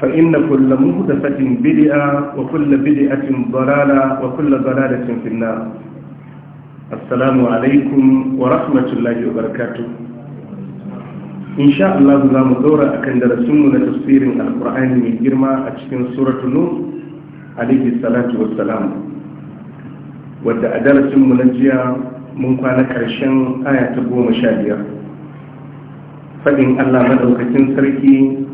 فإن كل مهدفة بدعة وكل بدعة ضلالة وكل ضلالة في النار السلام عليكم ورحمة الله وبركاته إن شاء الله زام دورة أكن درسمنا تفسير القرآن من جرمى أتشكين سورة نور عليه الصلاة والسلام ودى أدالة منجية من كان كرشان آية تقوم شادية فإن الله مدوكة سركي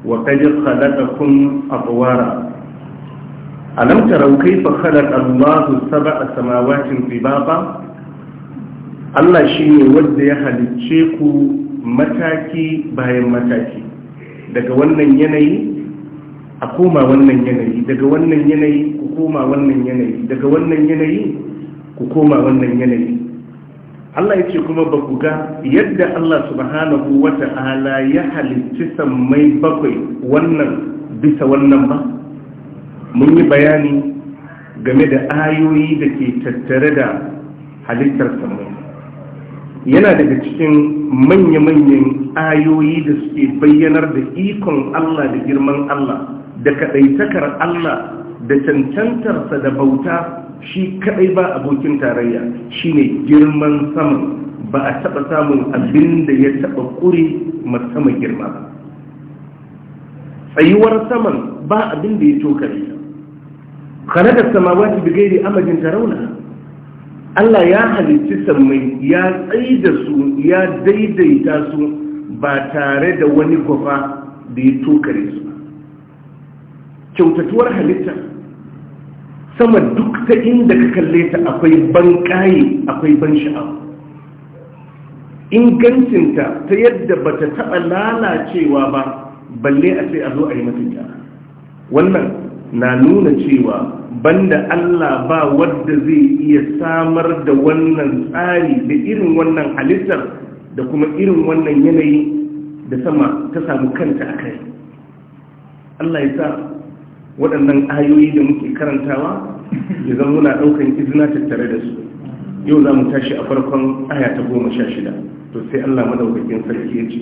Wa وقد خلقكم أطوارا ألم تروا كيف خلق saba a samawacin طباقا Allah shi ne wadda ya halicce ku mataki bayan mataki daga wannan yanayi a koma wannan yanayi daga wannan yanayi ku koma wannan yanayi daga wannan yanayi ku koma wannan yanayi Allah ya ce kuma ba ku ga yadda Allah subhanahu wa ta'ala ya halicci sammai bakwai wannan bisa wannan ba mun yi bayani game da ayoyi da ke tattare da halittar sammai yana daga cikin manya-manyan ayoyi da suke bayyanar da ikon Allah da girman Allah da kaɗaitakar Allah da cancantarsa da bauta shi kadai ba abokin tarayya shine girman saman ba a taba samun abin da ya taba kure sama girma ba tsayuwar saman ba abin da ya tokare kare da samawati da gairi amajin tarauna Allah ya halicci sammai ya tsaida su ya daidaita su ba tare da wani kwafa da ya tokare su kyautatuwar halitta sama duk ta inda ka kalle ta akwai ban kaye akwai ban sha'awa ingancinta ta yadda ba ta taɓa lalacewa ba balle a sai a zo a yi mata gyara wannan na nuna cewa banda Allah ba wadda zai iya samar da wannan tsari da irin wannan halittar da kuma irin wannan yanayi da sama ta samu kanta a kai Allah ya sa waɗannan ayoyi da muke karantawa ya zama muna ɗaukan izina tattare da su yau za mu tashi a farkon aya ta goma sha shida to sai Allah madaukakin sarki ya ce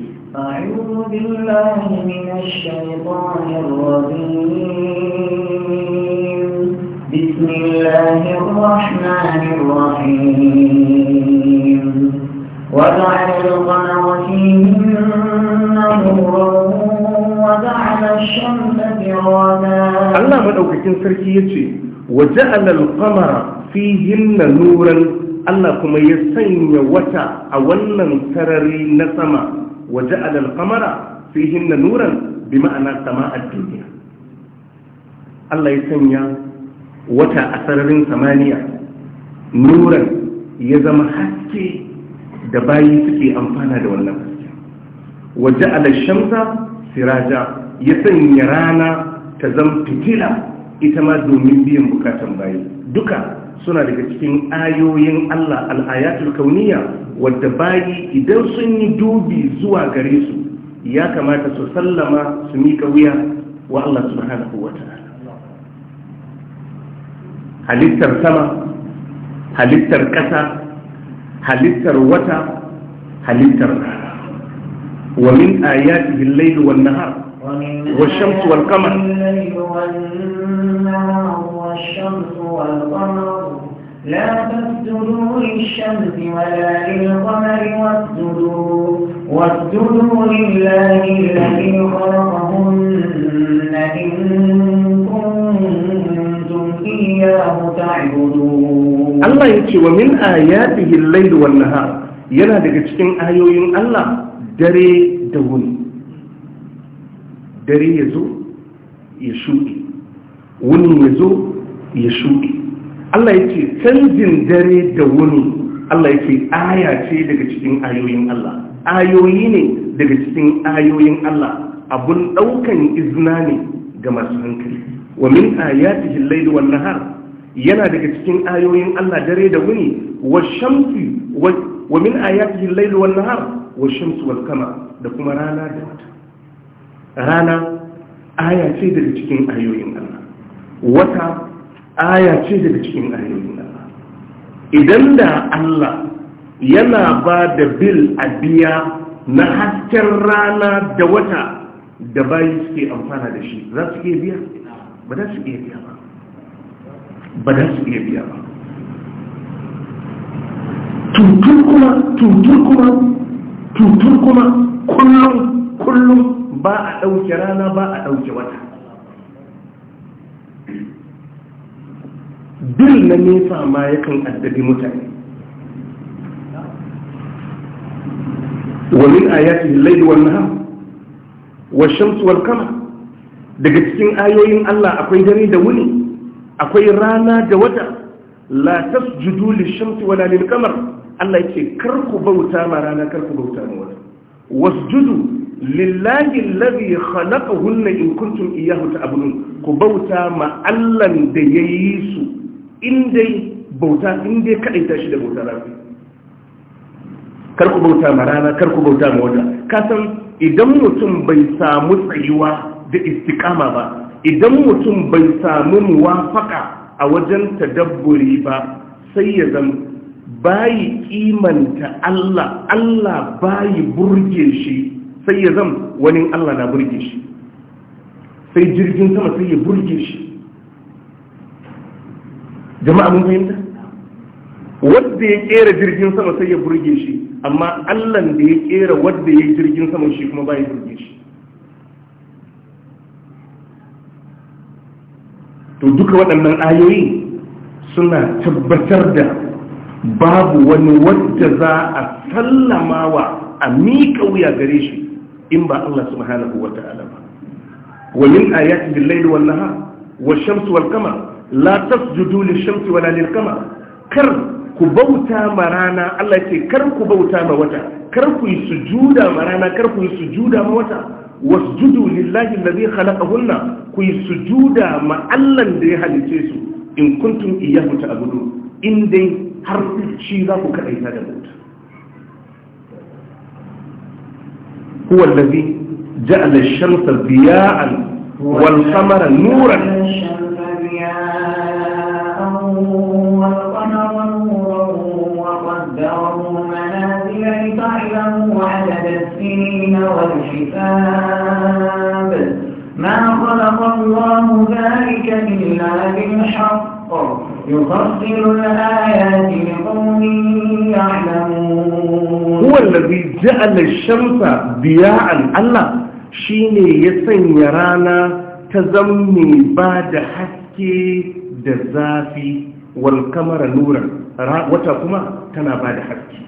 بسم الله الرحمن الرحيم وجعل القمر فيهن نورا وجعل الشمس سراجا الله مدوكين سركي يتي وجعل القمر فيهن نورا Allah kuma ya sanya wata a wannan sarari na sama waje alal kamara fihin na nuran bi ma'ana sama a duniya Allah ya sanya wata a sararin samaniya nuran ya zama haske da bayi suke amfana da wannan hasken waje alashamsa siraja ya sanya rana ta zama fitila ita ma domin biyan bukatan bayi duka suna daga cikin ayoyin Allah al'ayatul kauniya wadda bayi idan sun yi dubi zuwa gare su ya kamata su sallama su mika wuya wa Allah subhanahu wa ta'ala halittar sama halittar ƙasa halittar wata halittar rana wa min ayatihi al-layl wan nahar والشمس والقمر والشمس والقمر لا تسجدوا للشمس ولا للقمر واسجدوا واسجدوا لله الذي خلقهن إن Allah إياه تعبدون الله يكي ومن آياته الليل والنهار yana daga cikin ayoyin Allah dare da wuni dare ya zo ya shuɗe wuni ya zo ya shuɗe Allah ya ce canjin dare da wuni Allah ya ce aya ce daga cikin ayoyin Allah ayoyi ne daga cikin ayoyin Allah abun ɗaukan izina ne ga masu hankali wa min ayatihi al-layl wan nahar yana daga cikin ayoyin Allah dare da wuni wa shamsi wa min ayatihi al-layl wan nahar wa shamsi wal qamar da kuma rana da wata rana aya ce daga cikin ayoyin Allah wata aya ce daga cikin ayoyin Allah idan da Allah yana ba da bil a biya na hasken rana da wata da bayi suke amfana da shi za su iya biya ba za su iya biya ba ba za su iya biya ba tutur kuma tutur kuma tutur kuma kullum kullum ba a ɗauke rana ba a ɗauke wata bil na nesa ma yakan addabi mutane Wani ومن آياته الليل والنهار والشمس والقمر daga cikin ayoyin Allah akwai dare da wuni akwai rana da wata la tasjudu lishamsi wala lilqamar Allah yake kar ku bauta ma rana kar ku bauta ma wata wasjudu lillahi alladhi khalaqahunna in kuntum iyyahu ta'budun ku bauta ma Allah da yayi su indai bauta indai kadai tashi da bauta rafi kar ku bauta ma rana kar ku bauta ma wata kasan idan mutum bai samu tsayuwa da istiqama ba idan mutum bai samu muwafaka a wajen tadabburi ba sai ya zama bayi kimanta Allah Allah bayi burge shi sai ya zama wani Allah na burge shi sai jirgin sama sai ya burge shi jama'a mun fahimta wadda ya kera jirgin sama sai ya burge shi amma allan da ya kera wadda ya yi jirgin sama shi kuma ba burge shi to duka waɗannan ayoyi suna tabbatar da babu wani wadda za a sallama wa a miƙa wuya gare shi in ba Allah subhanahu wa ta'ala ba wa min ayati bil wan nahar wash shamsi wal qamar la tasjudu lish shamsi wala lil qamar kar ku bauta ma rana Allah ce kar ku bauta ma wata kar ku yi sujuda ma rana kar ku yi sujuda ma wata wasjudu lillahi allazi khalaqahunna ku yi sujuda ma Allah da ya halice su in kuntum iyyahu ta'budun in dai har shi za ku kadaita da bauta huwa allazi ja'ala ash-shamsa diya'an wal qamara nuran والحساب ما خلق الله ذلك إلا بالحق يفصل الآيات لقوم يعلمون هو الذي جعل الشمس ضياء الله شيني يسن يرانا تزمي بعد حكي دزافي والقمر نورا wata kuma tana ba da haske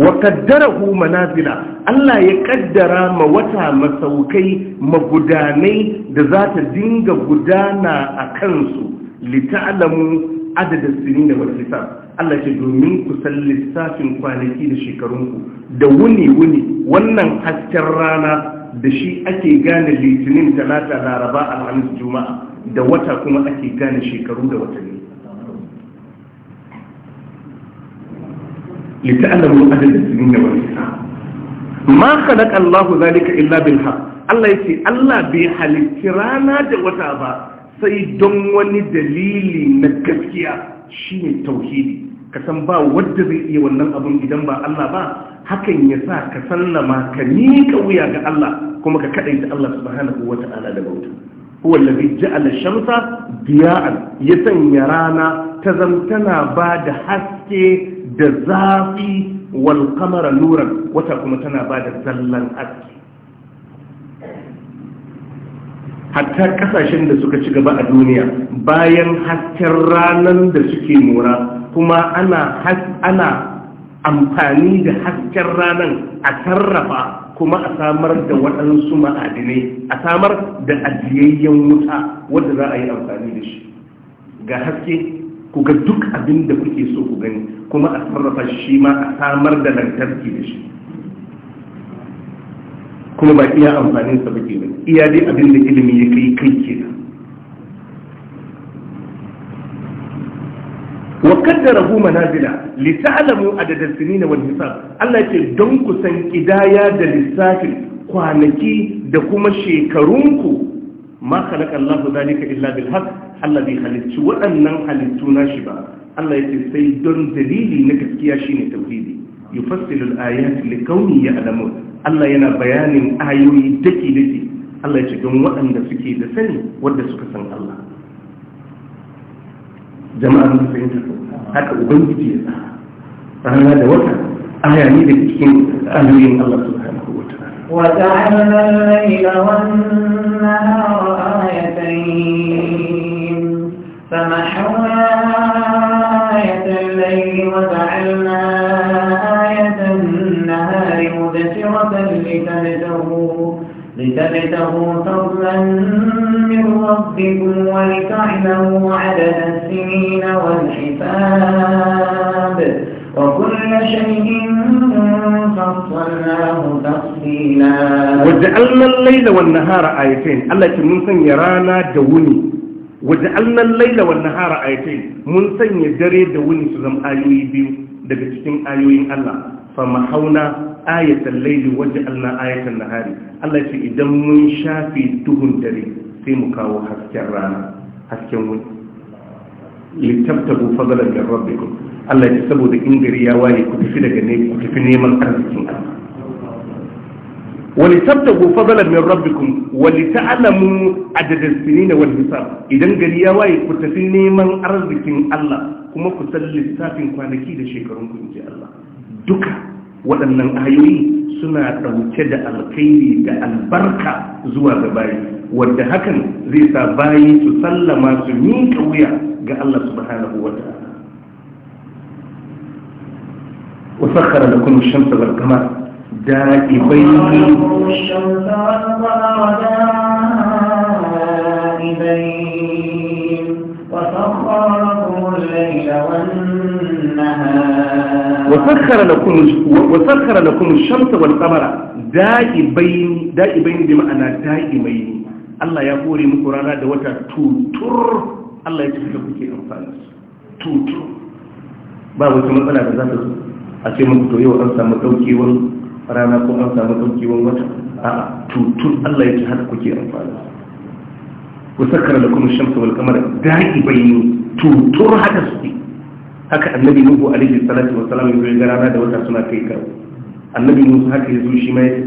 wa kaddarahu manazila Allah ya kaddara ma wata masaukai magudanai da za ta dinga gudana a kansu lita'alamu adadin sinin da wani hisab Allah ce domin ku san lissafin kwanaki da shekarunku da wuni-wuni wannan hasken rana da shi ake gane litinin talata laraba alhamis juma'a da wata kuma ake gane shekaru da watanni لتعلموا عدد السنين والحساب ما خلق الله ذلك إلا بالحق الله يتي الله بحلق رانا دوتا با sai don wani dalili na gaskiya shine tauhidi ka san ba wadda zai iya wannan abun idan ba Allah ba hakan ya sa ka sallama ka miƙa wuya ga Allah kuma ka kaɗaita Allah subhanahu wa ta'ala da bauta huwa allazi ja'ala shamsa diya'an ya sanya rana ta zamtana ba da haske da zafi wal kamara nuran wata kuma tana ba da zallan aski hatta kasashen da suka ci gaba a duniya bayan hasken ranar da suke mora kuma ana ana amfani da hasken ranar a sarrafa kuma a samar da waɗansu ma'adinai a samar da ajiyayyen wuta wadda za a yi amfani da shi ga haske ku ga duk abin da kuke so ku gani kuma a sarrafa shi ma a samar da lantarki da shi kuma ba iya amfanin sa ba kenan iya dai abin da ilimi ya kai kai kenan wa hu manazila li ta'lamu adada sinina wal hisab Allah ce don ku san kidaya da lissafin kwanaki da kuma shekarunku ma khalaqa Allahu zalika illa bil haqq alladhi halicci waɗannan halittu na shi ba Allah yake sai don dalili na gaskiya shine tauhidi yufassilu al-ayati liqaumin ya'lamun Allah yana bayanin ayoyi daki daki Allah yake don waɗanda suke da sani wanda suka san Allah jama'a mun fahimta haka ubangiji ya tsara rana da wata aya ne da cikin ayoyin Allah subhanahu وجعلنا الليل والنهار آيتين فمحونا آية الليل وجعلنا آية النهار مبشرة لتبتغوا لتبتغوا فضلا من ربكم ولتعلموا عدد السنين والحساب وكل شيء Allah ce mun sanya rana da wuni wajen سنة رانا دوني وجعلنا الليل mun sanya dare da wuni su zama ayoyi biyu daga cikin ayoyin Allah hauna, ayatan laili waj'alna ayatan nahari Allah ce idan mun shafi duhun dare sai mu kawo hasken rana hasken wuni Allah ya saboda in gari ya waye ku tafi daga ne ku tafi neman arzikin Allah rabbikum فضلا من ربكم ولتعلموا na wani hisab idan gari ya waye ku tafi neman arzikin Allah kuma ku san lissafin kwanaki da shekarun ku inji Allah duka waɗannan ayoyi suna ɗauke da alkhairi da albarka zuwa ga bayi wanda hakan zai sa bayi su sallama su miƙa wuya ga Allah subhanahu wa ta'ala وسخر لكم الشمس والقمر دائبين الشمس والقمر وسخر لكم وسخر لكم الشمس والقمر دائبين دائبين بمعنى دائبين الله يقول من ده وتا توتر الله يتفكر كيف انفاس توتر بابا تمام انا بزاف a ce muku to yau an samu ɗaukewan rana ko an samu ɗaukewan wata a tutun Allah ya ce haka kuke amfani ku sakar da kuma shamsu wal kamar da'i bayani tutur haka suke haka annabi nuhu alaihi salatu wa salam yayin da rana da wata suna kai karo annabi musa haka ya zo shi ma ya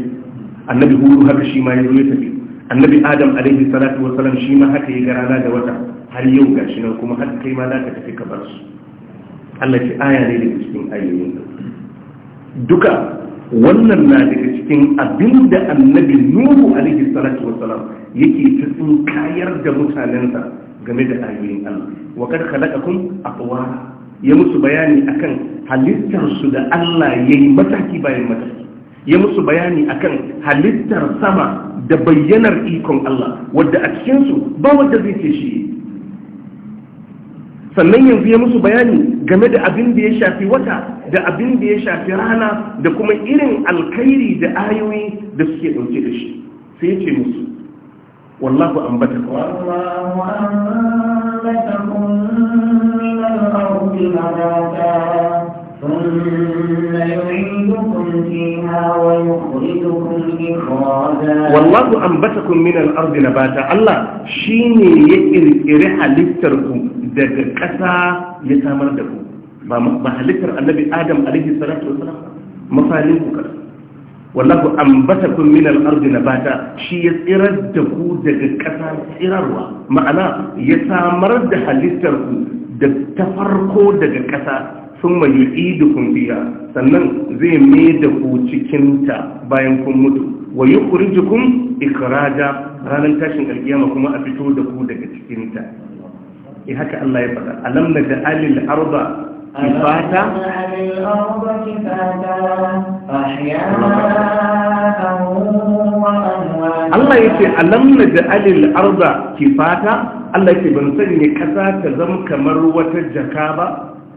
annabi Hudu haka shi ma ya ya tafi annabi adam alaihi salatu wa salam shi ma haka ya da rana da wata har yau gashi nan kuma haka kai ma za ka tafi ka bar su Allah ce aya ne daga cikin ayoyin duka wannan na daga cikin abinda annabi nuhu alaihi salatu wasalam yake ta tsinkayar da mutanensa game da ayoyin Allah wa kad khalaqakum atwara ya musu bayani akan halittar su da Allah yayi mataki bayan mataki ya musu bayani akan halittar sama da bayyanar ikon Allah wadda a cikin su ba wanda zai ce shi sannan yanzu ya musu bayani game da abin da ya shafi wata da abin da ya shafi rana da kuma irin alkhairi da ayoyi da suke ɗauke da shi sai ya ce musu wallahu an bata kawai ثم يعيدكم فيها ويخرجكم إخراجا والله أنبتكم من الأرض نباتا الله شيني يكري حليفتركم دك قسا يسامر دكم ما حليفتر النبي آدم عليه الصلاة والسلام مفالينكم كذا والله أنبتكم من الأرض نباتا شي يسيرد دكو دك قسا يسيروا معنى يسامر دحليفتركم دك تفرقوا دك قسا sun mayu idukun biya sannan zai mai da ku cikinta bayan kun mutu wa yi kurjikun ikiraja ranar tashin alkiyama kuma a fito da ku daga cikinta e haka Allah ya faɗa alam na da alil arba fata... Allah ya ce alam na da alil arba fata... Allah ya ce ban sanya ƙasa ta zama kamar wata jaka ba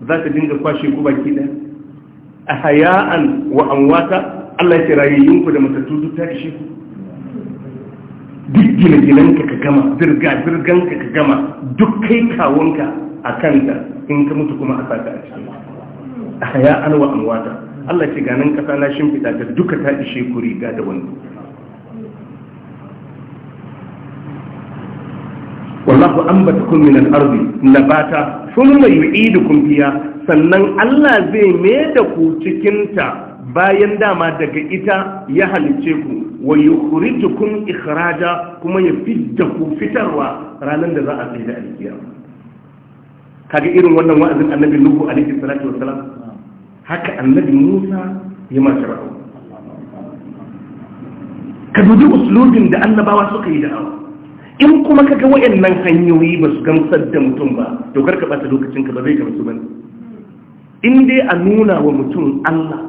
za ta dinga kwashe ku baki ɗaya a haya'an wa wata Allah ya rayayyun ku da matattu duk ta ishe ku duk gine-ginenka ka gama zirga-zirganka ka gama duk kai kawonka a kanta in ka mutu kuma a ka a ciki a haya'an wa wata Allah ce ganin kasa na shimfiɗa da duka ta ishe ku riga da wani wallahu ambatakum من al نباتا ثم يعيدكم فيها sannan Allah zai mai ku cikin bayan dama daga ita ya halice ku wa yukhrijukum ikhraja kuma ya fidda ku fitarwa ranar da za a tsaye da alkiyama kaga irin wannan wa'azin annabi nuhu alaihi salatu wassalam haka annabi musa ya ma shara'u ka dubi uslubin da annabawa suka yi da'awa in kuma ka ga wayannan hanyoyi ba su gamsar da mutum ba to karka bata lokacin ka ba zai gamsu ne. in dai a nuna wa mutum Allah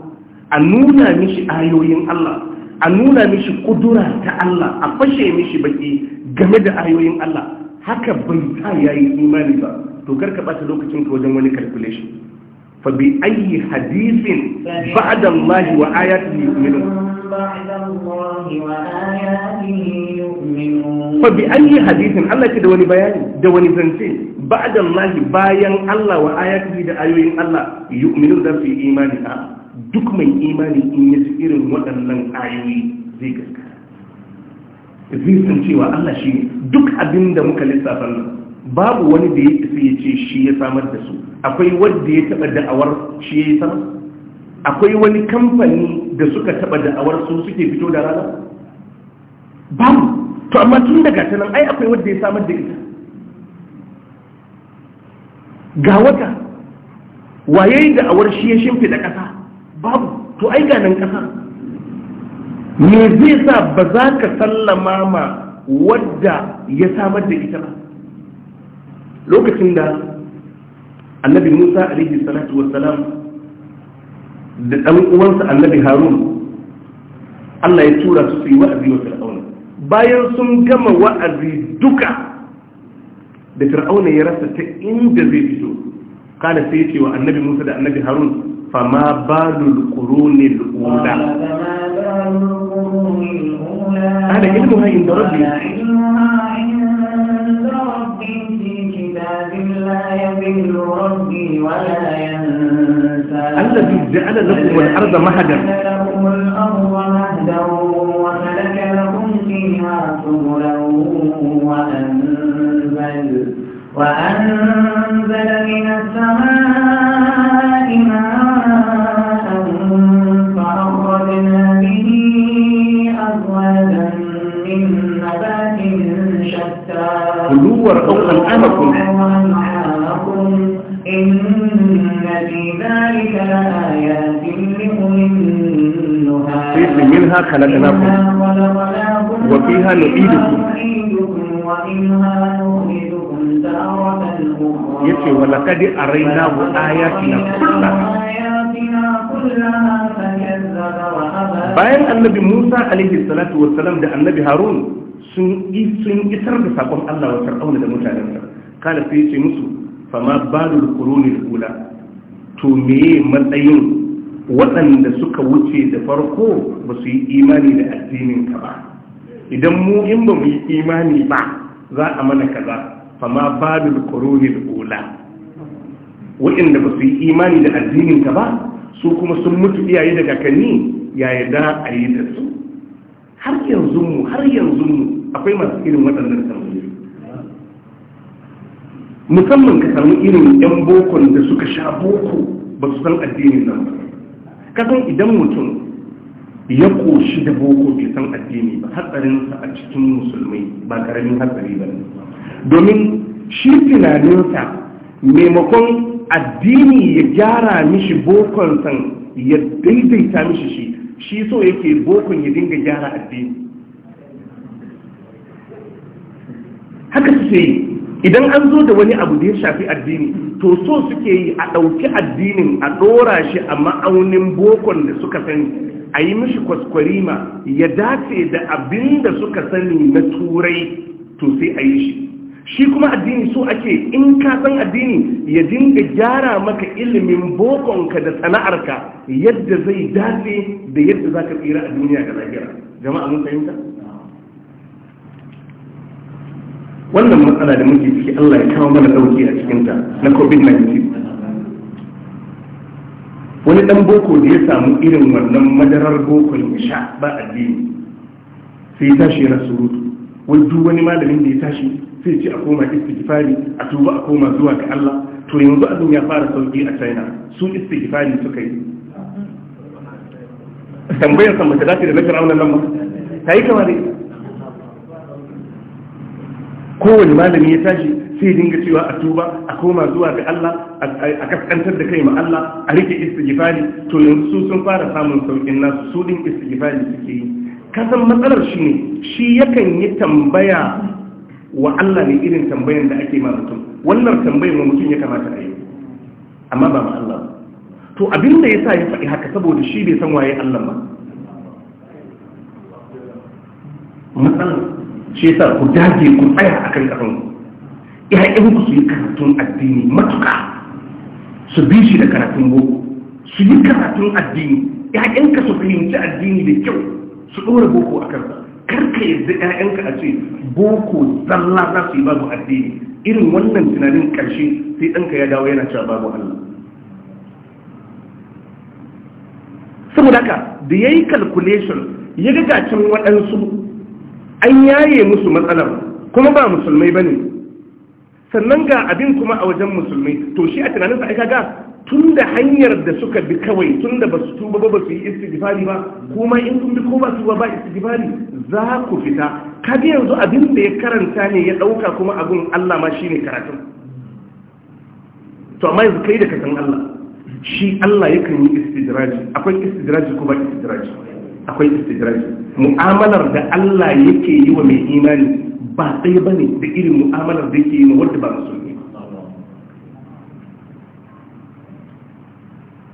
a nuna mishi ayoyin Allah a nuna mishi kudura ta Allah a fashe mishi baki game da ayoyin Allah haka bai ta yayi imani ba to karka bata lokacin ka wajen wani calculation fa bi ayi hadithin ba'da Allah wa ayatihi yu'minun ba yi an بعد الله وآياته يؤمنون فبأي حديث الله كده وني بياني ده وني زنتي بعد الله بيان الله وآياته ده آيوين الله يؤمنون ده imani إيمانها duk mai imani in yi su irin waɗannan ayoyi zai gaskara zai san cewa Allah shi ne duk abin da muka lissafa nan babu wani da ya isa ya ce shi ya samar da su akwai wanda ya taɓa da'awar shi ya yi sama akwai wani kamfani da suka taba da'awar su suke fito da rana babu to amma tun daga ta ai akwai wanda ya samar da ita ga wata waye da'awar shi ya shimfida ƙasa babu to ai ga nan ƙasa me zai sa ba za ka sallama ma wadda ya samar da ita ba lokacin da annabi musa alaihi salatu wassalam da ɗan uwansa annabi harun Allah ya tura su su yi wa'azi wa fir'auna bayan sun gama wa'azi duka da fir'auna ya rasa ta inda zai fito kana sai ce wa annabi musa da annabi harun فما بال القرون الأولى هذا لا ربي ولا ينسى الذي جعل لكم الأرض مهدا لكم الأرض مهدا وسلك لكم فيها سبلا وأنزل وأنزل من السماء ماء فأخرجنا به أزواجا من نبات شتى كلوا وارقوا أنعامكم منها خلقناكم وفيها نعيدكم yace wa laqad araynahu ayatina kullaha bayan annabi Musa alaihi salatu wassalam da annabi Harun sun sun isar da sakon Allah wa Fir'auna da mutanensa kala sai yace musu fama balul qurunil ula to meye matsayin waɗanda suka wuce da farko ba su yi imani da addinin ka ba idan mu in ba mu yi imani ba za a mana kaza fama babul koronin ula waɗanda ba su yi imani da addinin ka ba su kuma sun mutu iyaye da kakanni ya yarda a yi da su har yanzu mu har yanzu mu akwai masu irin waɗannan tambayoyi musamman ka samu irin 'yan bokon da suka sha boko ba su san addinin nan ba kasan idan mutum ya koshi da boko kisan san addini ba hatsarinsa a cikin musulmai ba karamin hatsari ba domin shi tunaninsa maimakon addini ya gyara mishi bokon san ya daidaita mishi shi shi so yake bokon ya dinga gyara addini haka su sai idan an zo da wani abu da ya shafi addini to so suke yi a ɗauki addinin a ɗora shi a ma'aunin bokon da suka sani a yi mishi kwaskwarima ya dace da abin da suka sani na turai to sai a yi shi shi kuma addini so ake in ka san addini ya dinga gyara maka ilimin bokonka da sana'arka yadda zai dace da yadda za ka tsira a duniya da lahira jama'a mun fahimta wannan matsala da muke ciki Allah ya kawo mana dauki a cikinta na covid-19 wani dan boko da ya samu irin wannan madarar bokon ya sha ba addini sai ya tashi yana surutu wai duk wani malamin da ya tashi sai ce a koma istighfari a tuba a koma zuwa ga Allah to yanzu abin ya fara sauki a China su istighfari suka yi tambayar san mace da ta da lakar aunan nan ba ta yi kama da kowane malami ya tashi sai dinga cewa a tuba a koma zuwa ga Allah a kaskantar da kai ma Allah a rike istighfari to yanzu su sun fara samun saukin nasu su din istighfari suke yi kasan matsalar shi ne shi yakan yi tambaya wa Allah ne irin tambayan da ake ma mutum wannan tambayan wa mutum ya kamata a yi amma ba ma Allah to abin da yasa ya faɗi haka saboda shi bai san waye Allah ba matsalar shi yasa ku dage ku tsaya a kan ku ku su yi karatun addini matuka su bi shi da karatun boko su yi karatun addini ƴaƴan ka su fahimci addini da kyau su ɗora boko a kansa kar ka yarda ka a ce boko zalla za su yi babu addini irin wannan tunanin ƙarshe sai ɗanka ya dawo yana cewa babu Allah saboda haka da ya yi calculation ya ga gacin waɗansu an yaye musu matsalar kuma ba musulmai ba ne. sannan ga abin kuma a wajen musulmai to shi a tunaninsa ai ga? tun da hanyar da suka bi kawai tun da ba su tuba ba su yi istigifari ba kuma in kun bi ko ba su ba istigifari za ku fita kaga yanzu abin da ya karanta ne ya dauka kuma abin Allah ma shi ne karatun to amma yanzu kai da ka san Allah shi Allah yakan yi istidraji akwai istidraji ko ba istidraji akwai istidraji mu'amalar da Allah yake yi wa mai imani ba ɗaya bane da irin mu'amalar da yake yi wa wanda ba musulmi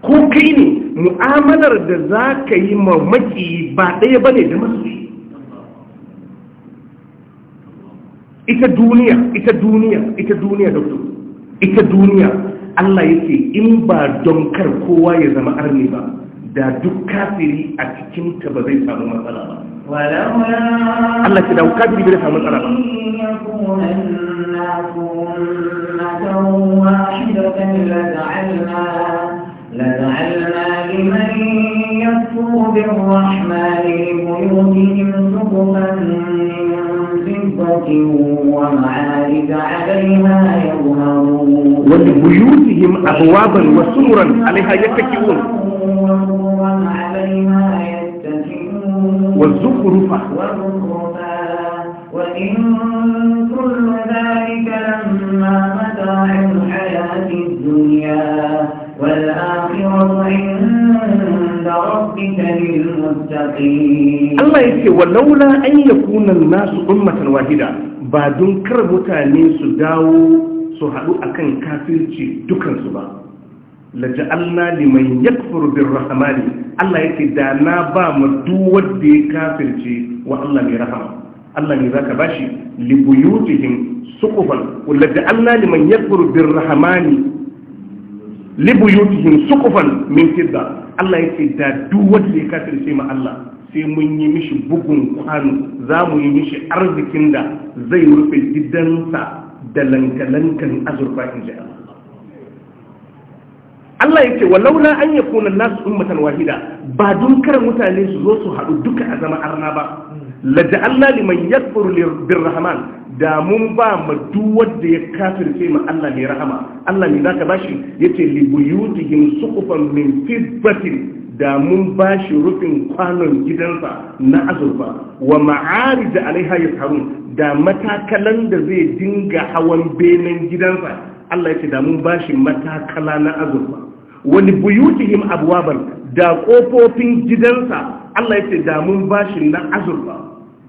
ko kai ne mu'amalar da za ka yi ma maki ba ɗaya bane da masoyi ita duniya ita duniya ita duniya doctor ita duniya Allah yake in ba don kar kowa ya zama arni ba da duk kafiri a cikin ta ba zai samu matsala ba Allah ce da kafiri bai samu matsala ba لجعلنا لمن يكفر بالرحمن لبيوتهم سقفا ومعارك عليها يظهرون ولبيوتهم أبوابا وسورا عليها يتكئون وسطرا عليها يتكئون والزخرفا وإن كل ذلك لما متاع الحياة الدنيا والآخرة عند ربك للمتقين الله يكي ولولا أن يكون الناس أمة واحدة بعد كربتا نيس سداو su haɗu akan kafirci dukansu ba laja'alna liman yakfuru birrahmani Allah yake da na ba mu duk wanda ya kafirce wa Allah mai rahama Allah ne zaka bashi li buyutihim suqufan laja'alna liman yakfuru birrahmani li buyutihim suqufan min fidda Allah yake da duk wanda ya kafirce ma Allah sai mun yi mishi bugun kwano za mu yi mishi arzikin da zai rufe gidansa da lankalankan azurfa in ji Allah Allah ya ce wa walaula an kuna nasu ummatan wahida ba dunkar mutane su zo su haɗu duka a zama arna ba laja'alna liman yakfuru rahaman. da mun ba madu duk wanda ya sai ma Allah mai rahama Allah ne zaka bashi yace li buyutihim suqufan min fiddatin da mun bashi rufin kwanon gidansa na azurfa wa ma'arij alaiha yasharun da matakalan da zai dinga hawan benen gidansa Allah ya ce da mun bashi matakala na azurfa wani buyutihim abwaban da kofofin gidansa Allah ya ce da mun bashi na azurfa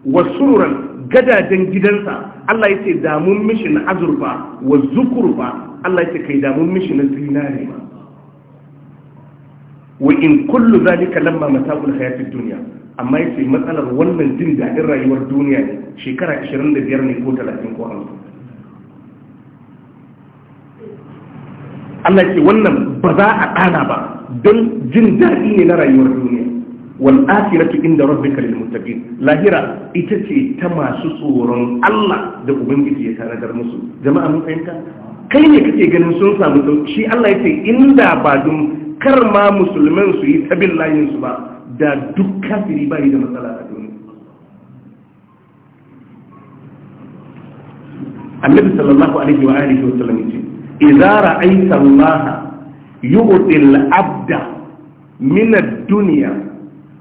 wasururan gadajen gidansa Allah ya ce da mun mishi na azurfa wa zukurfa Allah ya ce kai da mun mishi na zinare ma wa in kullu zalika lamma mata'ul hayatid dunya amma yace matsalar wannan jin daɗin rayuwar duniya ne shekara 25 ne ko 30 ko 50 Allah ce wannan ba za a ƙara ba don jin daɗi ne na rayuwar duniya wal akhiratu inda rabbika lil muttaqin lahira ita ce ta masu tsoron Allah da ubangiji ya tanadar musu jama'a mun fahimta kai ne kake ganin sun samu sauki shi Allah ya ce inda ba dun kar ma musulman su yi tabin su ba da duk kafiri bai da matsala a duniya annabi sallallahu alaihi wa alihi wa sallam ce idza ra'aita Allah yu'ti abda min ad-dunya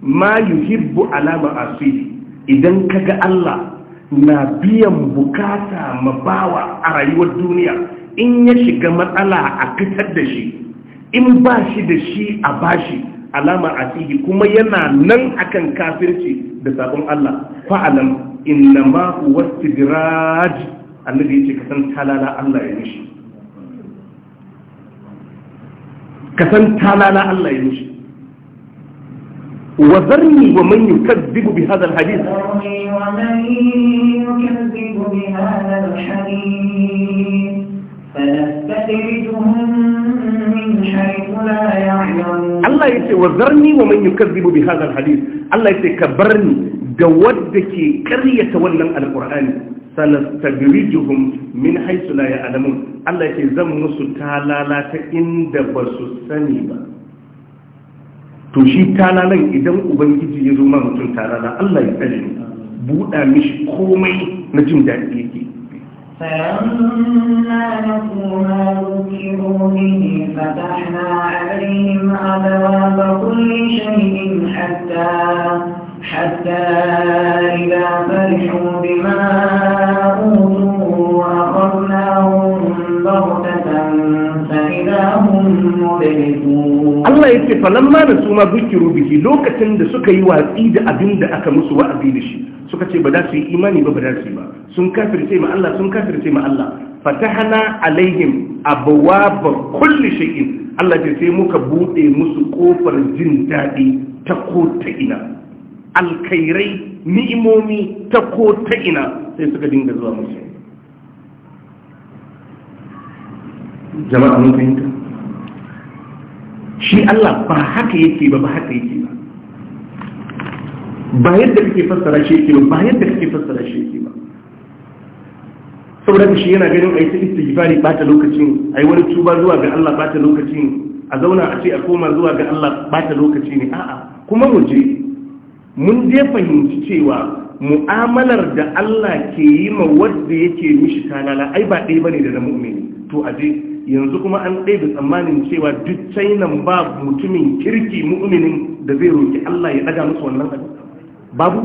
ma yuhibbu ala ma'asi idan kaga Allah na biyan bukata mabawa a rayuwar duniya in ya shiga matsala a fitar da shi in ba shi da shi a bashi alama a kuma yana nan akan kafirci da sabon Allah fa'alam inna ma’uwar huwa istidraj annabi ce kasan talala Allah ya mishi ka san talala يمشي ya وذرني ومن يكذب بهذا الحديث ومن يكذب بهذا الحديث الله يتي وذرني ومن يكذب بهذا الحديث الله يتي كبرني da wadda ke karyata wannan alkur'ani sanastagrijuhum min haythu la ya'lamun Allah yake zan musu talala ta inda ba su sani ba to shi talalan idan ubangiji ya zo ma mutum talala Allah ya tsare ni buɗa mishi komai na jin daɗi yake فلما نسوا ما ذكروا به فتحنا عليهم أبواب كل شيء حتى حتى إذا فرحوا بما أوتوا وأخذناهم بغتة فإذا هم مبلسون الله يتي فلما نسوا ما ذكروا به لوكة سكا يوازيد أبين دا أكا مسوا أبين شي suka ce ba za su yi imani ba ba za su yi ba sun kafirce ma Allah sun kafirce ma Allah fatahana alaihim ba kulli shay'in Allah ce sai muka bude musu kofar jin dadi ta ko ta ina alkairai ni'imomi ta ko ta ina sai suka dinga zuwa musu jama'a mun fahimta shi Allah ba haka yake ba ba haka yake ba ba yadda kake fassara shi yake ba ba yadda kake fassara shi yake ba saboda shi yana ganin ai ta istighfari ta lokacin ai wani tuba zuwa ga Allah ba ta lokacin a zauna a ce a koma zuwa ga Allah ba ta lokaci ne a'a kuma mu je mun je fahimci cewa mu'amalar da Allah ke yi ma wadda yake mishi kalala ai ba ɗaya bane da na mu'mini to a je yanzu kuma an ɗaya da tsammanin cewa duk cainan ba mutumin kirki mu'minin da zai roƙi Allah ya ɗaga musu wannan abu babu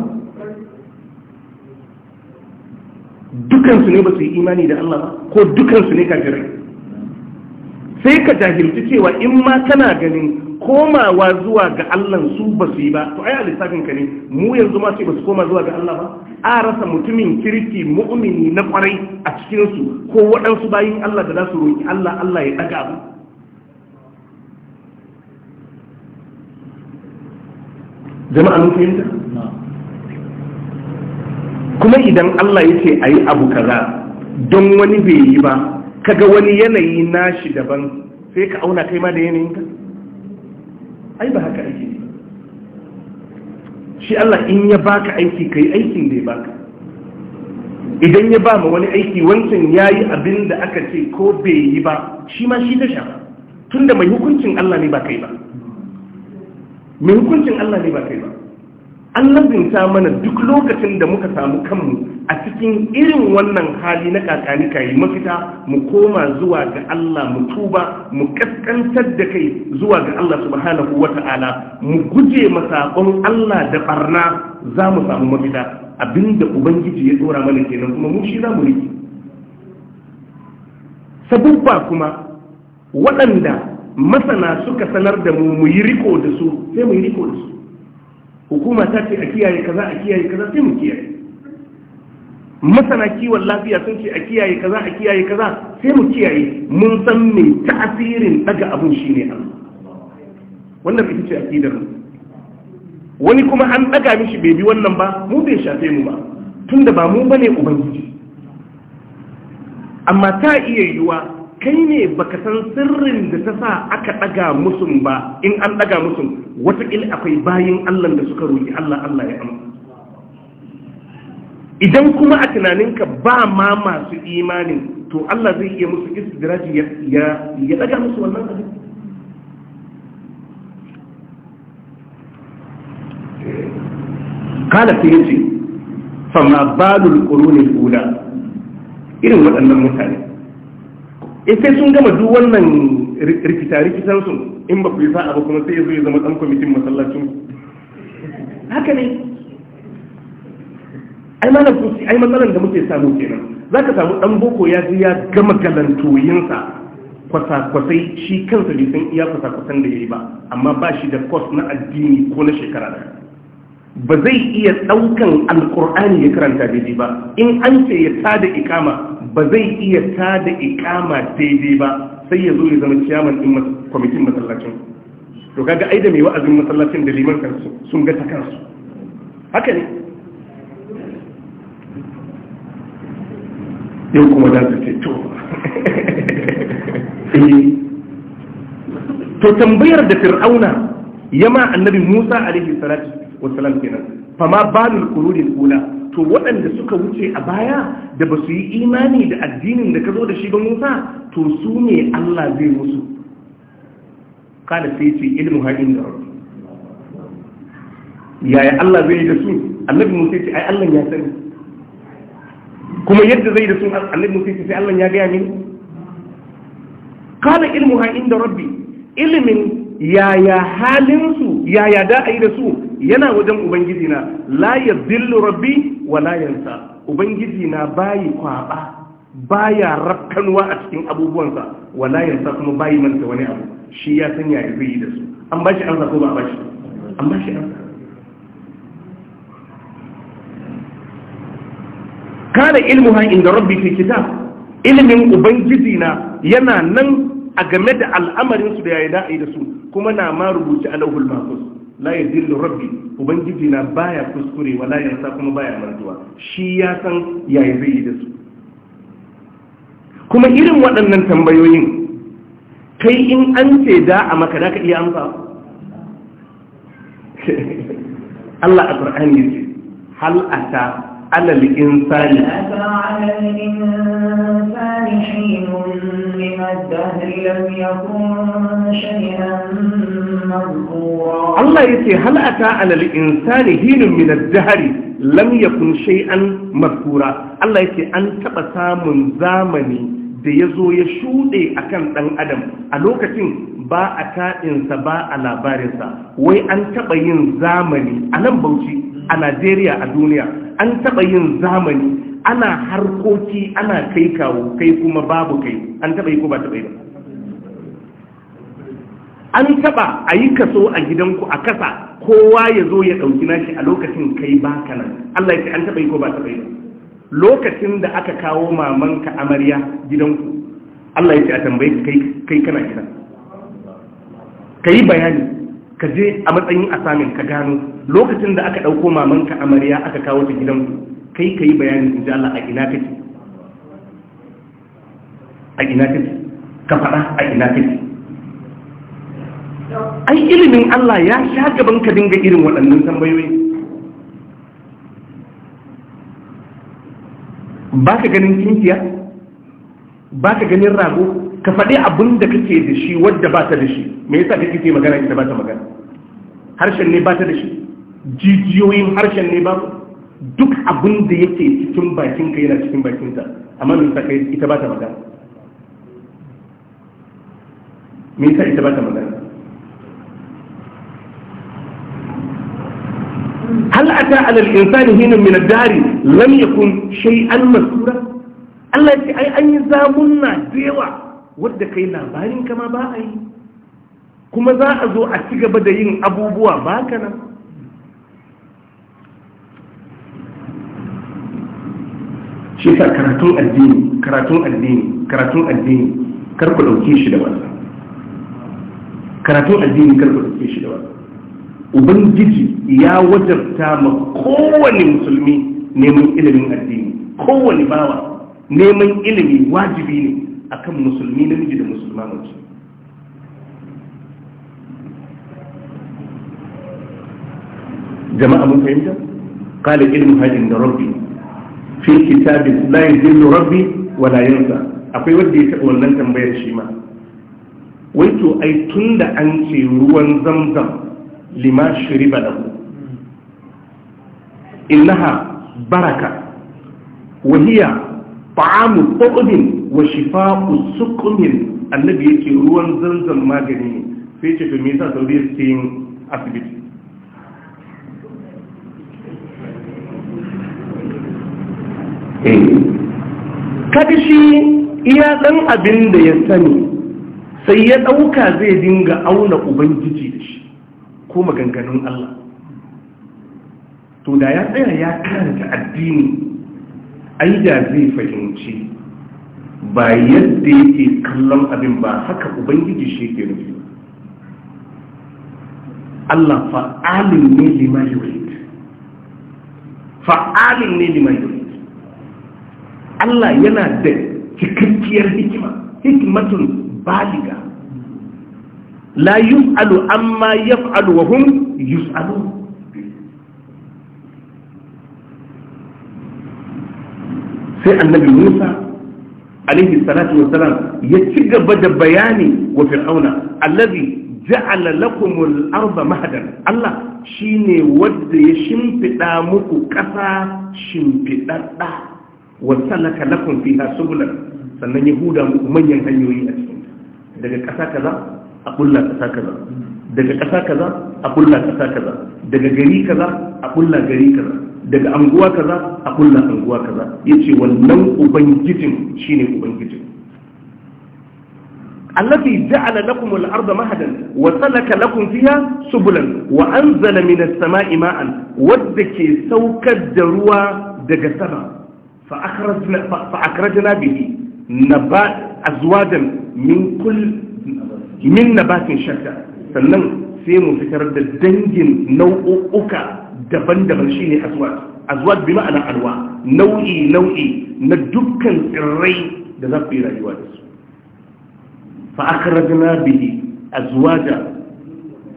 dukansu ne ba su yi imani da Allah ba ko dukansu ne kafirai sai ka jahilci cewa in ma kana ganin komawa zuwa ga Allah su ba su yi ba to ai a lissafin ka ne mu yanzu ma sai ba su koma zuwa ga Allah ba a rasa mutumin kirki mu'mini na kwarai a cikin su ko waɗansu bayin Allah da za su roƙi Allah Allah ya ɗaga abu jama'a mun fahimta kuma idan Allah ya ce ayi abu kaza don wani bai yi ba kaga wani yanayi nashi daban sai ka auna kai ma da yanayinka ai ba haka aiki shi Allah in ya baka aiki kai aikin da ya baka idan ya ba ma wani aiki wancan ya yi abin da aka ce ko bai yi ba shi ma shi ta sha tun da mai hukuncin Allah ne ba kai ba mai hukuncin Allah ne ba kai ba an lazimta mana duk lokacin da muka samu kanmu a cikin irin wannan hali na kakani kayi mafita mu koma zuwa ga Allah mu tuba mu kaskantar da kai zuwa ga Allah subhanahu ta'ala mu guje masakon Allah da barna za mu samu mafita abinda ubangiji ya tsora mana kenan kuma mu shi za mu riki sabubba kuma waɗanda masana suka sanar da mu mu yi riko da su sai mu yi riko da su hukuma ta ce a kiyaye kaza a kiyaye kaza sai mu kiyaye masana kiwon lafiya sun ce a kiyaye kaza a kiyaye kaza sai mu kiyaye mun san me tasirin daga abun shi ne Allah wannan ita ce aqidar wani kuma an daga mishi bai bi wannan ba mu bai shafe mu ba tunda ba mu bane ubangiji amma ta iya yiwuwa kai ne baka san sirrin da ta sa aka ɗaga musu ba in an ɗaga musu, watakila akwai bayin Allah da suka roƙi Allah Allah ya amma idan kuma a tunaninka ba ma masu imanin to Allah zai iya musu istidraji ya ɗaga musu wannan abin kana sai yace fa ma balul qurunil ula irin waɗannan mutane in eh, sai sun gama duk wannan rikita rikitan su in ba ku yi sa'a ba kuma sai ya zama dan kwamitin masallacin haka ne ai malam ai matsalan da muke samu kenan za ka samu dan boko ya ji ya gama galantoyinsa kwasa-kwasai shi kansa bai san iya kwasa-kwasan da ya yi ba amma ba shi da kwas na addini ko na shekara da ba zai iya ɗaukan alkur'ani ya karanta daidai ba in an ce ya tada ikama ba zai iya ta da ikama daidai ba sai ya zo ya zama ciyaman din kwamitin matsalacin to kaga ai da mai wa'azin masallacin da liman kansu sun gata kansu haka ne yau kuma za su ce to eh. to tambayar da fir'auna yama annabi musa alaihi salatu wasalam kenan fama balul kururin kula to waɗanda suka wuce a baya da ba su yi imani da addinin da ka zo da shi ba musa to su ne allah zai musu kada sai ce ilmu haɗin da rabu yaya allah zai yi da su annabi musa ce ai allah ya sani kuma yadda zai da su annabi musa ce sai allah ya gaya mini kada ilmu haɗin da rabbi ilimin yaya halinsu yaya da a yi da su yana wajen ubangiji na la ya zillu rabbi walayansa ubangiji na bayi kwaba baya rakkanwa a cikin abubuwansa walayansa kuma bayi manta wani abu shi ya san ya zai yi da su an bashi an ko ba a bashi an bashi an kana ilmu ha inda rabbi fi kitab ilimin ubangiji na yana nan a game da al'amarin su da yayi da'i da su kuma na ma rubuci a lauhul mahfuz la yadillu rabbi ubangiji na baya kuskure wala sa kuma baya mantuwa shi ya san yayi zai yi da su kuma irin waɗannan tambayoyin kai in an ce da a maka da ka iya amsa Allah a Qur'ani yake hal ata على الإنسان الله يتي هل أتى على الإنسان حين من الدهر لم يكن شيئا مذكورا الله يتي أن تبسى من زامني da ya zo ya shuɗe a kan ɗan adam a lokacin ba a ta'insa ba a labarinsa wai an taɓa yin zamani a nan bauchi a najeriya a duniya an taɓa yin zamani ana harkoki ana kai kawo kai kuma babu kai an taɓa yi ko ba taɓa yi ba an taɓa a yi kaso a gidanku a kasa kowa ya zo ya ɗauki nashi a lokacin kai ba kana allah ya ce an taɓa yi ko ba taɓa yi ba lokacin da aka kawo mamanka amarya gidanku allah ya ce a tambaye kai kana gida ka yi bayani ka je a matsayin asamin ka gano lokacin da aka ɗauko mamanka amarya aka kawo ta gidan kai ka yi bayanin in ji Allah a ina kake a ina kake ka faɗa a ina kake ai ilimin Allah ya sha gaban ka dinga irin waɗannan tambayoyi ba ka ganin kinkiya ba ka ganin rago ka faɗi abin da kake da shi wadda ba ta da shi me yasa kake ce magana ita ba ta magana harshen ne ba ta da shi jijiyoyin harshen ne ba duk abin da yake cikin bakin ka yana cikin bakin ta amma me yasa ita ba ta magana me yasa ita ba ta magana hal ata ala al-insani hina min ad-dari lam yakun shay'an masura Allah ya ce ai an yi da yawa wadda kai labarin kama ba a yi kuma za a zo a ci gaba da yin abubuwa ba ka nan shi sa karatun addini karatun addini karatun addini karku dauke shi da wasa karatun addini karku dauke shi da wasa ubangiji ya wajabta ma kowane musulmi neman ilimin addini kowane bawa neman ilimi wajibi ne akan musulmi namiji da musulma mace jama'a mun fahimta qala ilmu hadin da rabbi fi kitabin la yadillu rabbi wa la yansa akwai wanda ya taɓa wannan tambayar shi ma wai to ai tunda an ce ruwan zamzam lima shiriba innaha baraka wahiya ta'amu tu'udin wa shifa'u sukumin annabi yake ruwan zanzan magani ne sai ce to me yasa suke yin asibiti kada shi iya dan abin da ya sani sai ya ɗauka zai dinga auna ubangiji da shi ko maganganun Allah to da ya tsaya ya karanta addini ai da zai fahimci ba yadda yake kallon abin ba haka ubangiji shi ke nufi Allah fa'alin ne lima yurid fa'alin ne lima yurid Allah yana da cikakkiyar hikima hikimatun baliga la yus'alu amma yaf'alu wa hum yus'alun sai annabi musa alaihi salatu wassalam ya ci gaba da bayani wa fir'auna allazi ja'ala lakumul arda mahadan Allah shine wanda ya shimfida muku kasa shimfidadda wa salaka lakum fiha subulan sannan ya huda muku manyan hanyoyi a cikin daga kasa kaza a kullu kasa kaza daga kasa kaza a kullu kasa kaza daga gari kaza a kullu gari kaza daga anguwa kaza a kullum anguwa kaza yace wannan ubangijin shine ubangijin allazi ja'ala lakum al-ardha mahadan wa salaka lakum fiha subulan wa anzala min as-sama'i ma'an wadda ke saukar da ruwa daga sama fa akhrajna fa akhrajna bihi azwajan min kull min nabatin sannan sai mu fitar da dangin nau'uka daban-daban shine azwaj azwaj bi ma'ana alwa nau'i nau'i na dukkan tsirrai da za ku yi rayuwa da su fa akhrajna bihi azwaja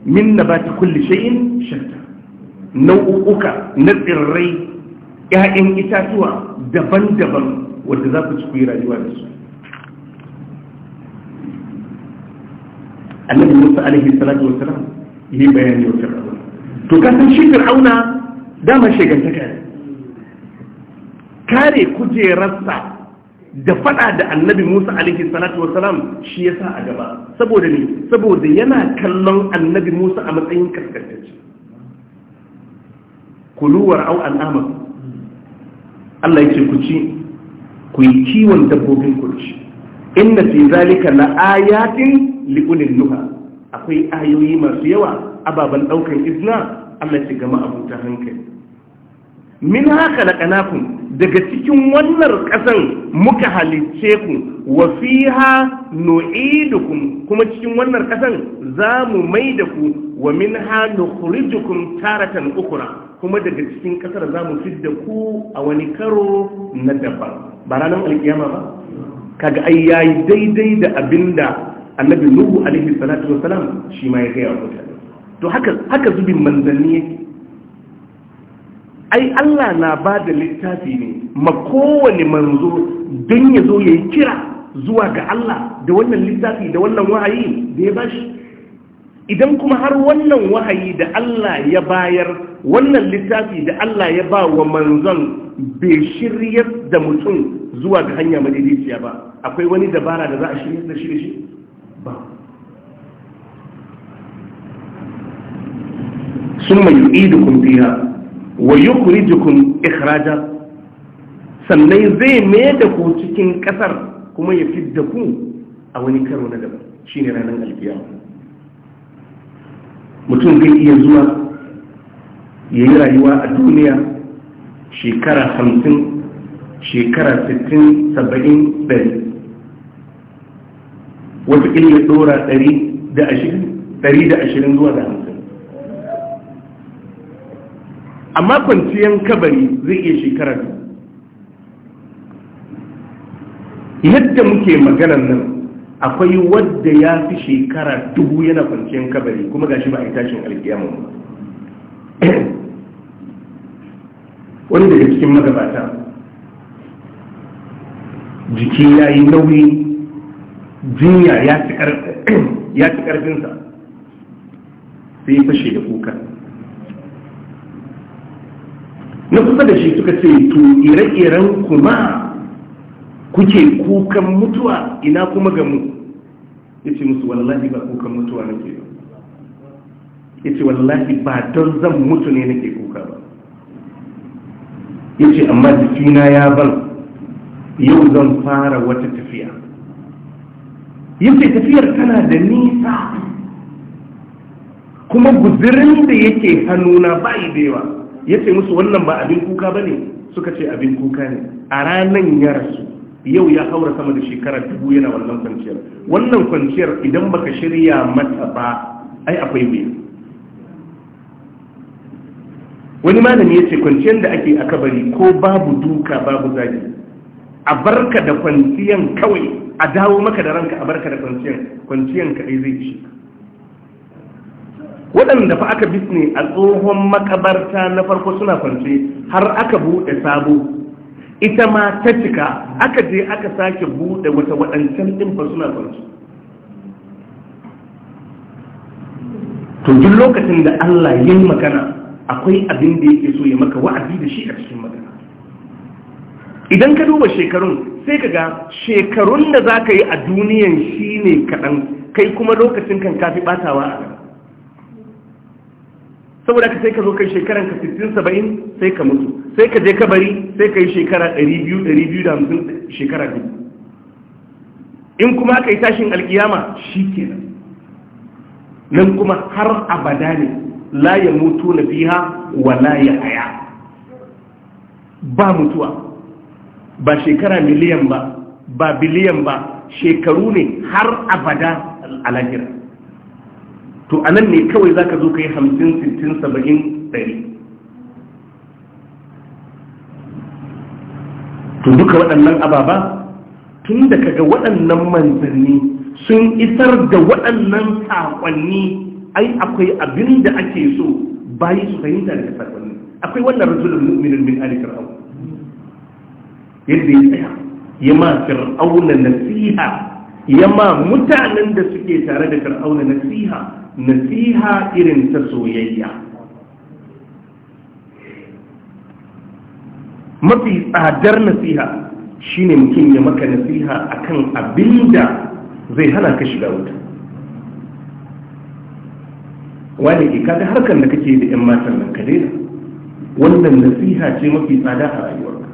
min nabati kulli shay'in shatta nau'uka na tsirrai ƴaƴan itatuwa daban-daban wanda za ku ci ku yi rayuwa da su annabi musa alaihi salatu wasalam yi bayani wa fir'aun to kasan shi fir'auna dama shegantaka ne kare kujerarsa da fada da annabi musa alaihi salatu wasalam shi ya sa a gaba saboda ne saboda yana kallon annabi musa a matsayin kaskantacce kuluwar au al'amar allah ya ce ku ci ku yi kiwon dabbobin ku ci inna fi zalika la ayatin li nuha akwai ayoyi masu yawa ababan daukan izna Allah ya gama ma'abuta hankali min haka laƙanakun daga cikin wannan ƙasan muka halice ku wa fiha nu'idukum kuma cikin wannan kasan za mu mai da ku wa min ha nukhrijukum taratan ukura kuma daga cikin kasar za mu fidda ku a wani karo na daban ba ranar alkiyama ba kaga ai yayi daidai da abinda annabi nuhu alaihi salatu wasalam shi ma ya kai a mutane to haka zubin manzanni yake ai Allah na ba da littafi ne ma kowane manzo don ya zo ya yi kira zuwa ga Allah da wannan littafi da wannan wahayi da ya bashi idan kuma har wannan wahayi da Allah ya bayar wannan littafi da Allah ya ba wa manzon bai shiryar da mutum zuwa ga hanya madidiciya ba akwai wani dabara da za a shirya da shi ba summa yu'idukum fiha wa yukhrijukum sannan zai mai da ku cikin kasar kuma ya fidda ku a wani karo na daban shine ranar alkiyama mutum zai iya zuwa ya yi rayuwa a duniya shekara hamsin shekara sittin saba'in ɗari ya ɗora ɗari da ashirin zuwa da hamsin amma kwanciyar kabari zai iya shekara yadda muke maganan nan akwai wadda ya fi shekara dubu yana kwanciyan kabari kuma gashi ba a yi tashin alkiyama ba wani daga cikin magabata jiki ya yi nauyi jinya ya fi ƙarfinsa sai fashe da kuka na kusa da shi suka ce to ire-iren kuma kuke kukan mutuwa ina kuma ga mu ya ce musu wallahi ba kukan mutuwa nake ba ya ce wallahi ba don zan mutu ne nake kuka ba ya ce amma jikina ya ban yau zan fara wata tafiya ya ce tafiyar tana da nisa kuma guzirin da yake hannuna ba yi da yawa ya ce musu wannan ba abin kuka ba ne suka ce abin kuka ne a ranan ya rasu yau ya haura sama da shekara dubu yana wannan kwanciyar wannan kwanciyar idan baka shirya mata ba ai akwai wuya wani malami ya ce kwanciyar da ake a kabari ko babu duka babu zagi a barka da kwanciyar kawai a dawo maka da ranka a barka da kwanciyar, kwanciyar kaɗai zai ci waɗanda fa aka bisne a tsohon makabarta na farko suna kwance har aka buɗe sabo ita ma ta cika aka je aka sake buɗe wata waɗancan ɗin fa suna kwance to duk lokacin da Allah ya yi magana akwai abin da yake so ya maka wa'azi da shi a cikin magana idan ka duba shekarun sai ka ga shekarun da za ka yi a duniyan shi ne kaɗan kai kuma lokacin kan kafi ɓatawa a saboda ka sai ka zo kai shekaran ka 60 70 sai ka mutu sai ka je ka bari, sai ka yi shekara 200 250 shekara biyu in kuma aka yi tashin alkiyama ke nan kuma har abada ne la ya mutu na biha wa la ya haya ba mutuwa ba shekara miliyan ba ba biliyan ba shekaru ne har abada a to a nan ne kawai za ka zo ka yi hamsin sittin saba'in ɗari to duka waɗannan ababa tun da kaga waɗannan manzanni sun isar da waɗannan saƙonni ai akwai abin da ake so bayi su fahimta daga saƙonni akwai wannan rajulun mu'minin min ali fir'au yadda ya tsaya ya ma fir'auna nasiha ya ma mutanen da suke tare da na nasiha nasiha irin ta soyayya mafi tsadar nasiha shine mutum ya maka nasiha akan da zai hana ka shiga wuta wani ke kada harkar da kake da 'yan matan nan ka daina wannan nasiha ce mafi tsada a rayuwarka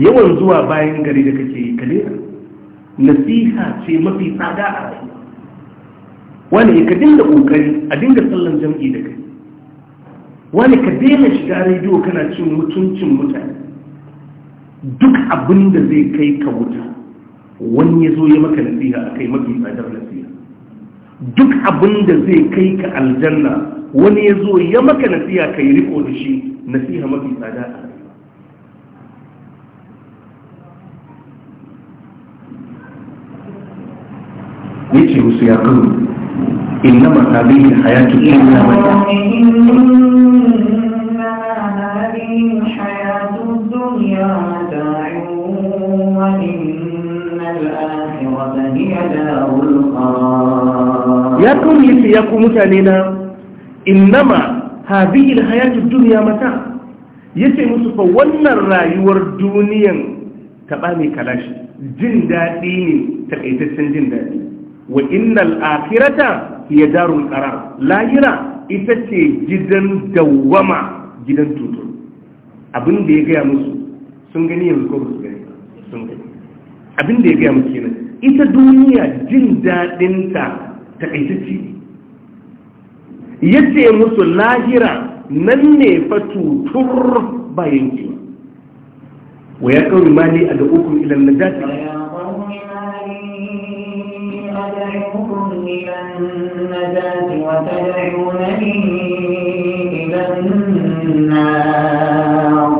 yawan zuwa bayan gari da kake yi ka daina nasiha ce mafi tsada a rayuwa wani ka dinga kokari a dinga sallan jam'i da kai wani ka daina shiga rediyo kana cin mutuncin mutane duk abin da zai kai ka wuta wani ya zo ya maka nasiha a kai mafi tsadar nasiha duk abin da zai kai ka aljanna wani ya zo ya maka nasiha ka yi riko da shi nasiha mafi tsada a rayuwa ya ce musu ya kan إنما هذه الحياة إلا متاع ya kawai yace ya ku mutane na innama hadhihi alhayatud dunya mata yace musu fa wannan rayuwar duniyan taɓa mai kalashi jin daɗi ne takaitaccen jin daɗi wa innal akhirata hiya darul qarar lahira ita ce gidan dawwama gidan tutu abin da ya gaya musu sun gani yanzu ko ba su gani sun gani abin da ya gaya musu kenan ita duniya jin daɗinta takaitacce ya ce musu lahira nan ne fa tutur bayan ki wa ya kawo mali a da ukun ilan najati تدعوكم إلى النجاة وتدعونني إلى النار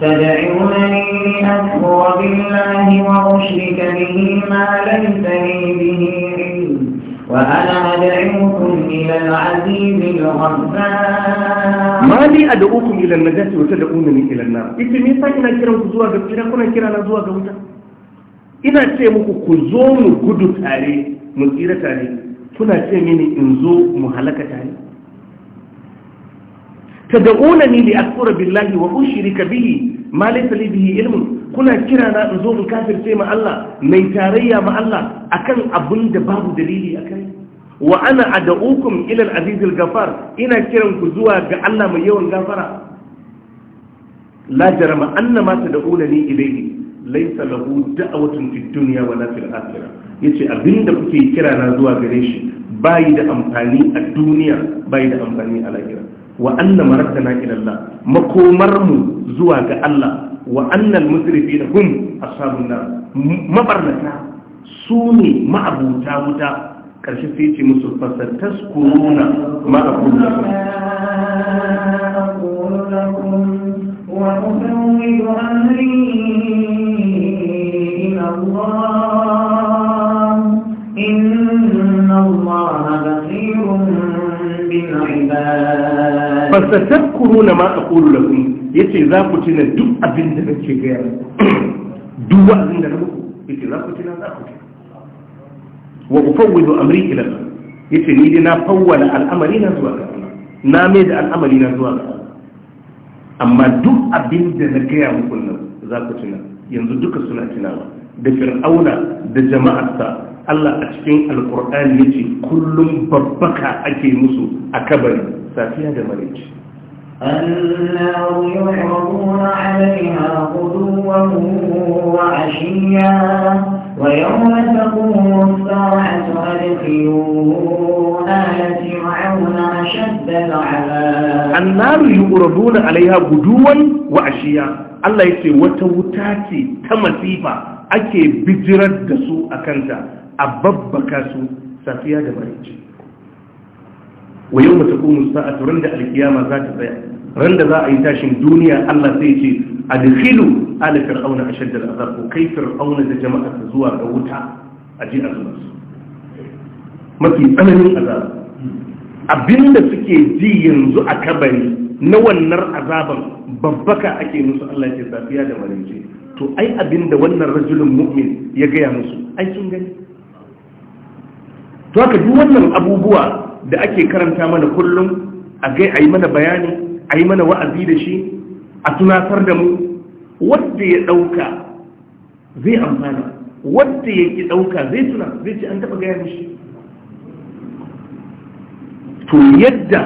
تدعونني لأكفر بالله وأشرك به ما ليس لي به علم وأنا أدعوكم إلى العزيز الغفار ما لي أدعوكم إلى النجاة وتدعونني إلى النار إذا ميسا إنا كيرا وزوا غفيرا كنا كيرا نزوا غوتا ina ce muku ku zo mu gudu tare mu tsira tare kuna ce mini in zo mu halaka tare tad'unani li akfura billahi wa ushrika bihi ma laysa li bihi ilmun kuna kira na in zo mu kafirce ma Allah mai tarayya ma Allah akan abin da babu dalili akai wa ana ad'ukum ila al gafar ina kiran ku zuwa ga Allah mai yawan gafara la jarama annama tad'unani ilayhi laisa lahu da'awatun fid dunya wala fil akhirah yace abinda kuke kira na zuwa gare shi bayi da amfani a duniya bayi da amfani a lahira wa anna maraddana ila Allah makomar mu zuwa ga Allah wa anna al-musrifina hum ashabun nar mabarnata su ne ma'abuta wuta karshe sai ce musu fasatas kuruna ma'abuta ان فستذكرون ما أقول لكم يتي ذاكتنا دو أبن دمك غير دو أبن دمك يتي ذاكتنا ذاكتنا وأفوض أمري إلى الله يتي نيدي نا فول الأمرين زواكتنا ناميد الأمرين زواكتنا amma duk abin da na gaya muku nan za ku tuna yanzu duka suna tunawa da fir'auna da jama'arsa Allah a cikin alkur'ani ya ce kullum babbaka ake musu a kabari safiya da maraici النار يعرضون عليها غدوا وعشيا ويوم تقوم الساعة أدخلوا آل فرعون أشد العذاب annaru yuraduna alaiha guduwan wa ashiya Allah yace wata wuta ce ta masifa ake bijirar da su akanta a babbaka su safiya da marici wa yawma taqumu sa'atu randa alkiyama za ta tsaya randa za a yi tashin duniya Allah sai ce adkhilu ala fir'auna ashadda al'azab kai fir'auna da jama'a zuwa ga wuta a ji azumar mafi tsananin azab abinda suke ji yanzu a kabari na wannan azaban babbaka ake musu Allah ke safiya da marince to ai abinda wannan rajulun mu'min ya gaya musu ai sun gani to haka duk wannan abubuwa da ake karanta mana kullum a gai a yi mana bayani a yi mana wa'azi da shi a tunatar da mu wadda ya ɗauka zai amfana wadda yake dauka ɗauka zai tuna zai ce an taɓa gaya mishi to yadda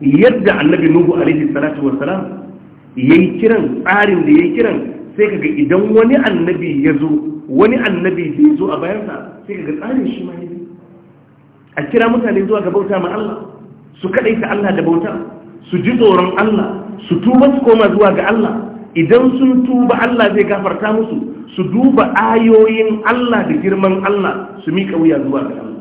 yadda annabi nuhu alaihi salatu wassalam yayi kiran tsarin da yayi kiran sai kaga idan wani annabi ya wani annabi bai zo a bayansa sai kaga tsarin shi ma yayi a kira mutane zuwa ga bauta ma Allah su kadaita Allah da bauta su ji tsoron Allah su tuba su koma zuwa ga Allah idan sun tuba Allah zai gafarta musu su duba ayoyin Allah da girman Allah su mika wuya zuwa ga Allah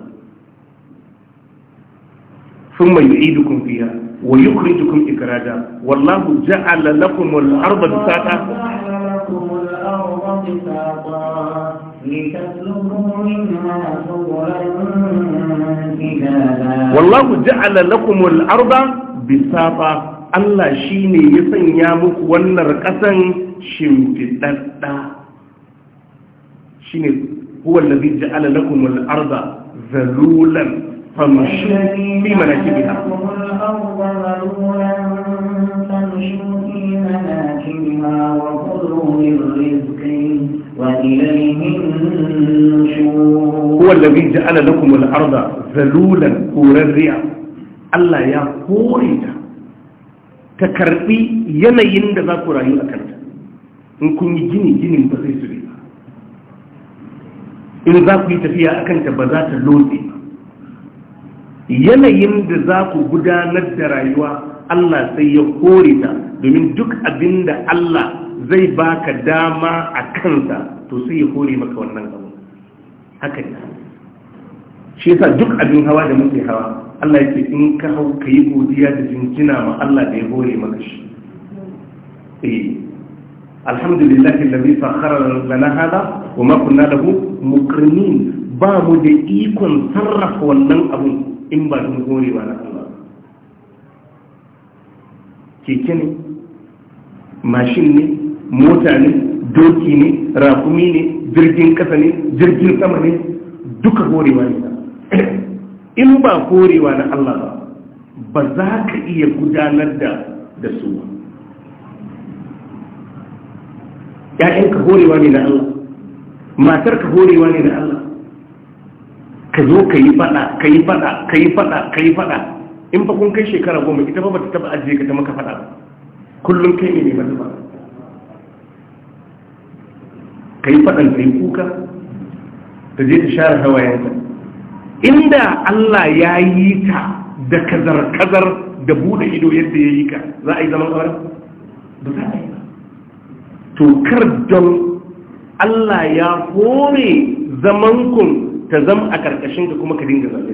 ثم يعيدكم فيها ويخرجكم إكرادا والله جعل لكم الأرض بساطا والله جعل لكم الأرض بساطا الله شيني يسن يامك ونرقسا شمتدتا شيني هو الذي جعل لكم الأرض ذلولا فمشيت الذي جعل لكم الأرض ذلولا كورا ريع الله يا كوري تكرفي ينين دغا كوراي اكن ان كوني جيني جيني بزي سوري ان ذاك يتفيا اكن تبذات لوزي yanayin da za ku gudanar da rayuwa Allah sai ya kore ta domin duk abin da Allah zai baka dama a kansa to sai ya kore maka wannan abu haka ne shi yasa duk abin hawa da muke hawa Allah yake in ka hau ka yi godiya da jinjina ma Allah da ya hore maka shi eh. alhamdulillahi allazi sakhara lana hada wa ma kunna lahu muqrinin ba mu da ikon sarrafa wannan abun in ba sun gore ba na Allah keke ne mashin ne mota ne doki ne rakumi ne jirgin kasa ne jirgin sama ne duka gorewa ne in ba gorewa na Allah ba ba za ka iya gudanar da da su ba ‘ya'yanka horewa ne na Allah matarka horewa ne na Allah ka zo ka yi fada ka yi fada ka yi fada ka yi fada in fa kun kai shekara goma ita ba ta taba ajiye ka ta maka fada kullum kai ne mai zuba. ka yi fadan ta yi kuka ta je ta share ta inda Allah ya yi ta da kazar-kazar da bude ido yadda ya yi ka za a yi zaman auren ba za a yi ba to kar don Allah ya hore zamankun ta zama a ƙarƙashin ka kuma ka dinga zaɓe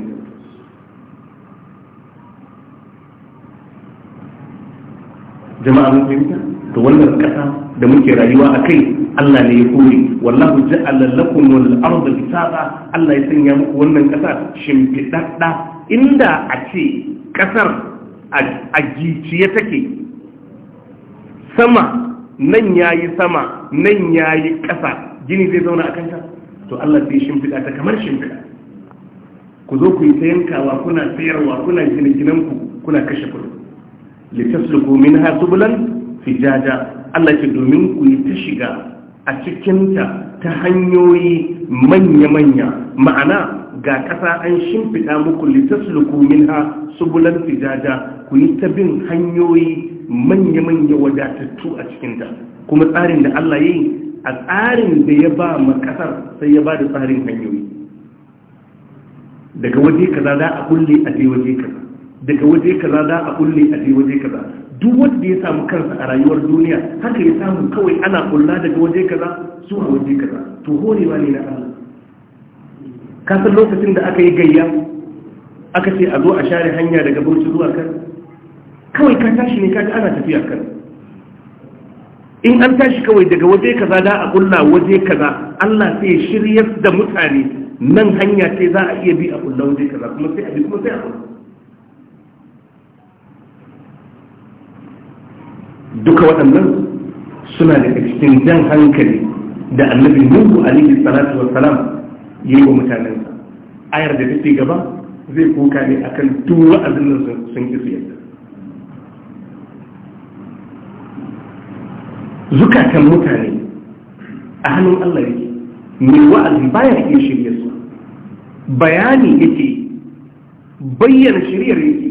jama'a mun fahimta to wannan ƙasa da muke rayuwa a kai Allah ne ya kore wallahu ja'ala lakum wal arda bisata Allah ya sanya muku wannan ƙasa. shimfidadda inda a ce ƙasar a giciye take sama nan yayi sama nan yayi ƙasa, gini zai zauna a kanta to Allah sai shimfiɗa ta kamar shimfiɗa ku zo ku yi ta yankawa kuna sayarwa kuna gine-ginen ku kuna kashe kudu litasluku minha subulan fijaja Allah ce domin ku yi ta shiga a cikinta ta hanyoyi manya-manya ma'ana ga kasa an shimfida muku litasluku minha subulan fijaja ku yi ta bin hanyoyi manya-manya wadatattu a cikinta kuma tsarin da Allah yi a tsarin da ya ba ma kasar sai ya ba da tsarin hanyoyi daga waje kaza za a kulle a je waje kaza daga waje kaza za a kulle a je waje kaza duk wanda ya samu kansa a rayuwar duniya haka ya samu kawai ana kulla daga waje kaza zuwa waje kaza to horewa ne na Allah kasar lokacin da aka yi gayya aka ce a zo a share hanya daga bauchi zuwa kan kawai ka tashi ne ka ji ana tafiya kan in an tashi kawai daga waje kaza da a kulla waje kaza Allah sai ya shiryar da mutane nan hanya sai za a iya bi a kulla waje kaza kuma sai a bi kuma sai a kulla duka waɗannan suna da cikin jan hankali da annabi nuhu alaihi salatu wassalam yi wa mutanensa ayar da take gaba zai koka ne akan duk wa'azin sun sun yadda zukatan mutane a hannun Allah ke mai wa'azi baya iya shirya su bayani yake bayyana shiryar yake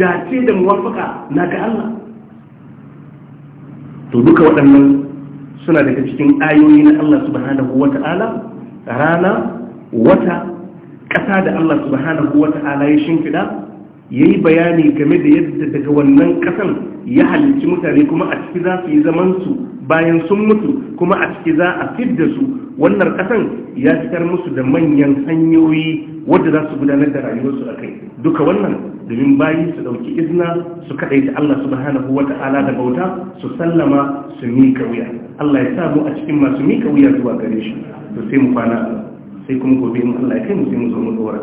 dace da muwafaka na ga Allah to duka waɗannan suna daga cikin ayoyi na Allah subhanahu wa ta'ala rana wata ƙasa da Allah subhanahu wa ta'ala ya shimfiɗa ya yi bayani game da yadda daga wannan kasan ya halicci mutane kuma a ciki za su yi zamansu bayan sun mutu kuma a ciki za a fid da su wannan kasan ya fitar musu da manyan hanyoyi wadda za su gudanar da rayuwarsu a kai duka wannan domin bayi su ɗauki izina su kaɗai ta Allah subhanahu wata ala da bauta su sallama su mika wuya Allah ya samu a cikin masu mika wuya zuwa gare shi to sai mu kwana sai kuma gobe in Allah ya kai mu sai mu zo mu dora